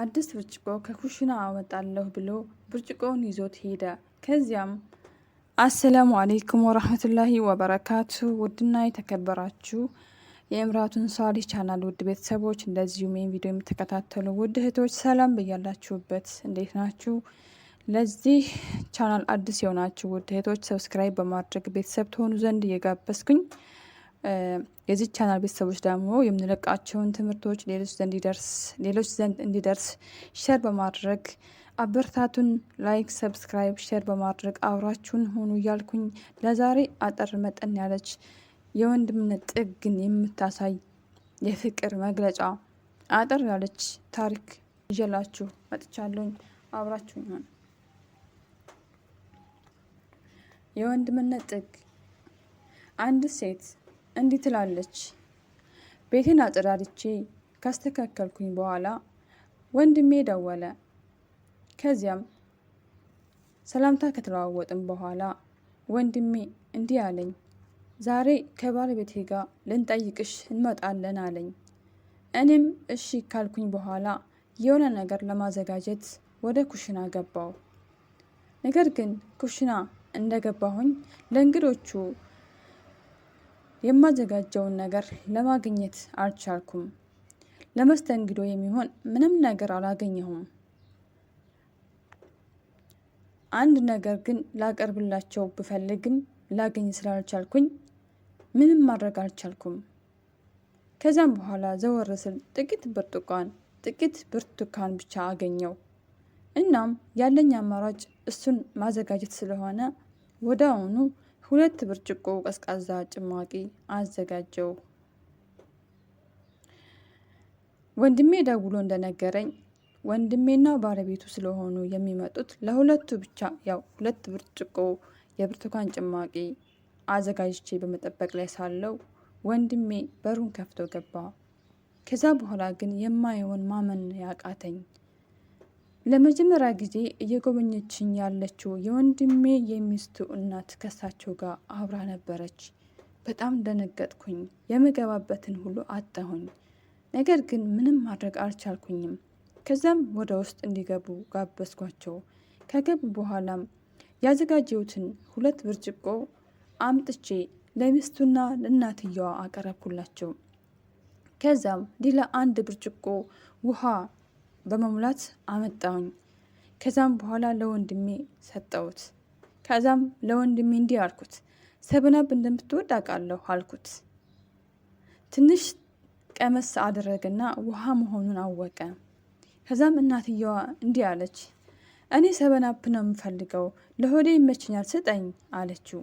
አዲስ ብርጭቆ ከኩሽና አወጣለሁ ብሎ ብርጭቆውን ይዞት ሄደ። ከዚያም አሰላሙ አሌይኩም ወረህመቱላሂ ወበረካቱ። ውድና የተከበራችሁ የእምራቱን ሳሊ ቻናል ውድ ቤተሰቦች፣ እንደዚሁም ይህን ቪዲዮ የምትከታተሉ ውድ እህቶች ሰላም በያላችሁበት እንዴት ናችሁ? ለዚህ ቻናል አዲስ የሆናችሁ ውድ እህቶች ሰብስክራይብ በማድረግ ቤተሰብ ትሆኑ ዘንድ እየጋበዝኩኝ የዚህ ቻናል ቤተሰቦች ደግሞ የምንለቃቸውን ትምህርቶች ሌሎች ዘንድ ይደርስ ሌሎች ዘንድ እንዲደርስ ሼር በማድረግ አበርታቱን። ላይክ፣ ሰብስክራይብ፣ ሼር በማድረግ አብራችሁን ሆኑ እያልኩኝ ለዛሬ አጠር መጠን ያለች የወንድምነት ጥግን የምታሳይ የፍቅር መግለጫ አጠር ያለች ታሪክ ይዤላችሁ መጥቻለሁኝ። አብራችሁን ሆኑ። የወንድምነት ጥግ አንድ ሴት እንዲህ ትላለች። ቤቴን አጥራርቼ ካስተካከልኩኝ በኋላ ወንድሜ ደወለ። ከዚያም ሰላምታ ከተለዋወጥን በኋላ ወንድሜ እንዲህ አለኝ፣ ዛሬ ከባለቤቴ ጋር ልንጠይቅሽ እንመጣለን አለኝ። እኔም እሺ ካልኩኝ በኋላ የሆነ ነገር ለማዘጋጀት ወደ ኩሽና ገባው። ነገር ግን ኩሽና እንደገባሁኝ ለእንግዶቹ የማዘጋጀውን ነገር ለማግኘት አልቻልኩም። ለመስተንግዶ የሚሆን ምንም ነገር አላገኘሁም። አንድ ነገር ግን ላቀርብላቸው ብፈልግም ላገኝ ስላልቻልኩኝ ምንም ማድረግ አልቻልኩም። ከዚያም በኋላ ዘወር ስል ጥቂት ብርቱካን ጥቂት ብርቱካን ብቻ አገኘው። እናም ያለኝ አማራጭ እሱን ማዘጋጀት ስለሆነ ወደ አሁኑ ሁለት ብርጭቆ ቀዝቃዛ ጭማቂ አዘጋጀው። ወንድሜ ደውሎ እንደነገረኝ ወንድሜና ባለቤቱ ስለሆኑ የሚመጡት ለሁለቱ ብቻ ያው ሁለት ብርጭቆ የብርቱካን ጭማቂ አዘጋጅቼ በመጠበቅ ላይ ሳለው ወንድሜ በሩን ከፍቶ ገባ። ከዛ በኋላ ግን የማየውን ማመን ያቃተኝ ለመጀመሪያ ጊዜ እየጎበኘችኝ ያለችው የወንድሜ የሚስቱ እናት ከሳቸው ጋር አብራ ነበረች። በጣም ደነገጥኩኝ። የምገባበትን ሁሉ አጣሁኝ። ነገር ግን ምንም ማድረግ አልቻልኩኝም። ከዚያም ወደ ውስጥ እንዲገቡ ጋበዝኳቸው። ከገቡ በኋላም ያዘጋጀሁትን ሁለት ብርጭቆ አምጥቼ ለሚስቱና ለእናትየዋ አቀረብኩላቸው። ከዛም ሌላ አንድ ብርጭቆ ውሃ በመሙላት አመጣውኝ። ከዛም በኋላ ለወንድሜ ሰጠውት ከዛም ለወንድሜ እንዲህ አልኩት፣ ሰብናብ እንደምትወድ አውቃለሁ አልኩት። ትንሽ ቀመስ አደረገና ውሃ መሆኑን አወቀ። ከዛም እናትየዋ እንዲህ አለች፣ እኔ ሰበናፕ ነው የምፈልገው ለሆዴ ይመችኛል ስጠኝ አለችው።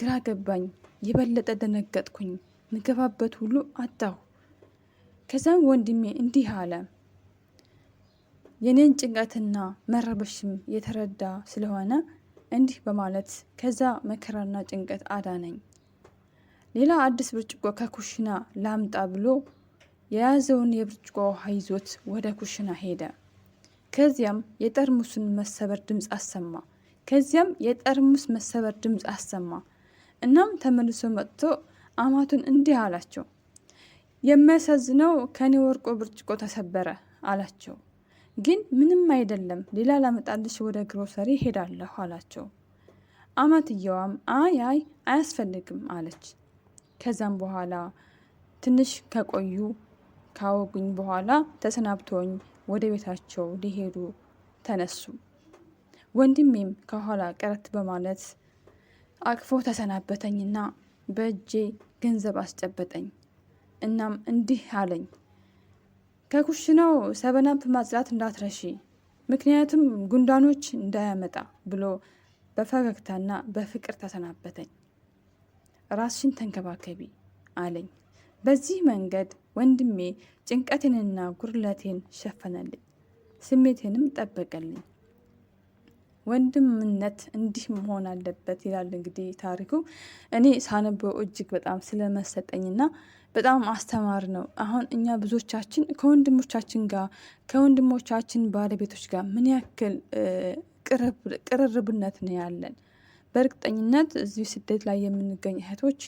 ግራ ገባኝ። የበለጠ ደነገጥኩኝ። ምገባበት ሁሉ አጣሁ። ከዛም ወንድሜ እንዲህ አለ የኔን ጭንቀትና መረበሽም የተረዳ ስለሆነ እንዲህ በማለት ከዛ መከራና ጭንቀት አዳነኝ። ሌላ አዲስ ብርጭቆ ከኩሽና ላምጣ ብሎ የያዘውን የብርጭቆ ውሃ ይዞት ወደ ኩሽና ሄደ። ከዚያም የጠርሙሱን መሰበር ድምፅ አሰማ። ከዚያም የጠርሙስ መሰበር ድምፅ አሰማ። እናም ተመልሶ መጥቶ አማቱን እንዲህ አላቸው፣ የሚያሳዝነው ከኔ ወርቆ ብርጭቆ ተሰበረ አላቸው። ግን ምንም አይደለም፣ ሌላ ላመጣልሽ ወደ ግሮሰሪ ሄዳለሁ አላቸው። አማትየዋም አይ አይ አያስፈልግም አለች። ከዛም በኋላ ትንሽ ከቆዩ ካወጉኝ በኋላ ተሰናብቶኝ ወደ ቤታቸው ሊሄዱ ተነሱ። ወንድሜም ከኋላ ቀረት በማለት አቅፎ ተሰናበተኝና በእጄ ገንዘብ አስጨበጠኝ። እናም እንዲህ አለኝ ከኩሽናው ሰበናፕ ማጽዳት እንዳትረሺ ምክንያቱም ጉንዳኖች እንዳያመጣ ብሎ በፈገግታና በፍቅር ተሰናበተኝ። ራስሽን ተንከባከቢ አለኝ። በዚህ መንገድ ወንድሜ ጭንቀቴንና ጉርለቴን ሸፈነልኝ፣ ስሜቴንም ጠበቀልኝ። ወንድምነት እንዲህ መሆን አለበት ይላል እንግዲህ ታሪኩ። እኔ ሳነበው እጅግ በጣም ስለመሰጠኝና በጣም አስተማሪ ነው። አሁን እኛ ብዙዎቻችን ከወንድሞቻችን ጋር ከወንድሞቻችን ባለቤቶች ጋር ምን ያክል ቅርርብነት ነው ያለን? በእርግጠኝነት እዚህ ስደት ላይ የምንገኝ እህቶች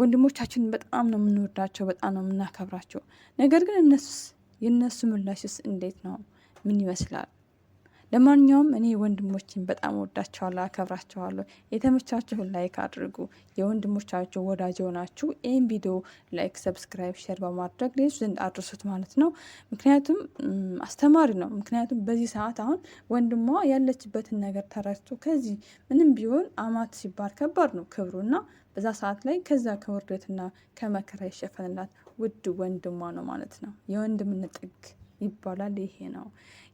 ወንድሞቻችንን በጣም ነው የምንወዳቸው፣ በጣም ነው የምናከብራቸው። ነገር ግን እነሱስ የእነሱ ምላሽስ እንዴት ነው? ምን ይመስላል? ለማንኛውም እኔ ወንድሞችን በጣም ወዳቸዋለሁ፣ አከብራቸዋለሁ። የተመቻችሁን ላይክ አድርጉ። የወንድሞቻችሁ ወዳጅ የሆናችሁ ይህን ቪዲዮ ላይክ፣ ሰብስክራይብ፣ ሼር በማድረግ ሌሎች ዘንድ አድርሱት ማለት ነው። ምክንያቱም አስተማሪ ነው። ምክንያቱም በዚህ ሰዓት አሁን ወንድሟ ያለችበትን ነገር ተረድቶ ከዚህ ምንም ቢሆን አማት ሲባል ከባድ ነው ክብሩና በዛ ሰዓት ላይ ከዛ ከውርደትና ከመከራ ይሸፈንላት ውድ ወንድሟ ነው ማለት ነው። የወንድምነት ጥግ ይባላል። ይሄ ነው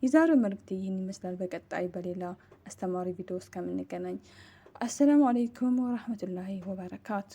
የዛሬው መልእክት ይህን ይመስላል። በቀጣይ በሌላ አስተማሪ ቪዲዮ እስከምንገናኝ አሰላሙ አሌይኩም ወረህመቱላሂ ወበረካቱ።